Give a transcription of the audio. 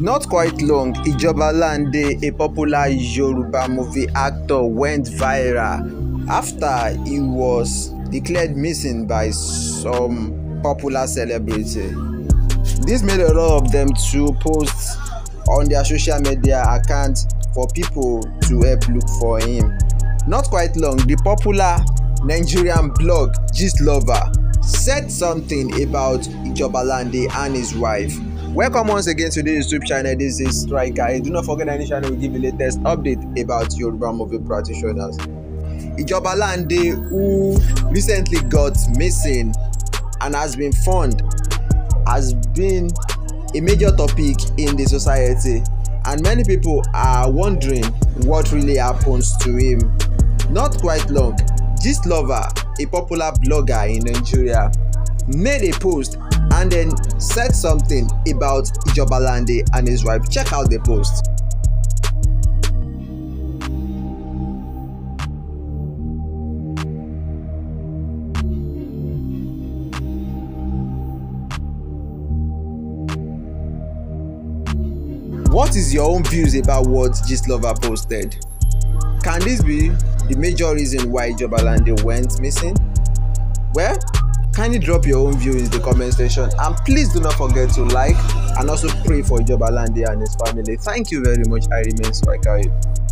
Not quite long, Ijoba Lande, a popular Yoruba movie actor, went viral after he was declared missing by some popular celebrity. This made a lot of them to post on their social media account for people to help look for him. Not quite long, the popular Nigerian blog Gist Lover said something about Ijobalande and his wife. Welcome once again to the YouTube channel. This is Striker. And do not forget any channel will give you latest update about Yoruba movie practitioners. Ijoba Lande, who recently got missing and has been found, has been a major topic in the society, and many people are wondering what really happens to him. Not quite long, Gist Lover, a popular blogger in Nigeria, made a post and then said something about Ijobalande and his wife. Check out the post. What is your own views about what lover posted? Can this be the major reason why Jobalande went missing? Well, Kindly drop your own view in the comment section and please do not forget to like and also pray for Ijoba and his family. Thank you very much. I remain Spike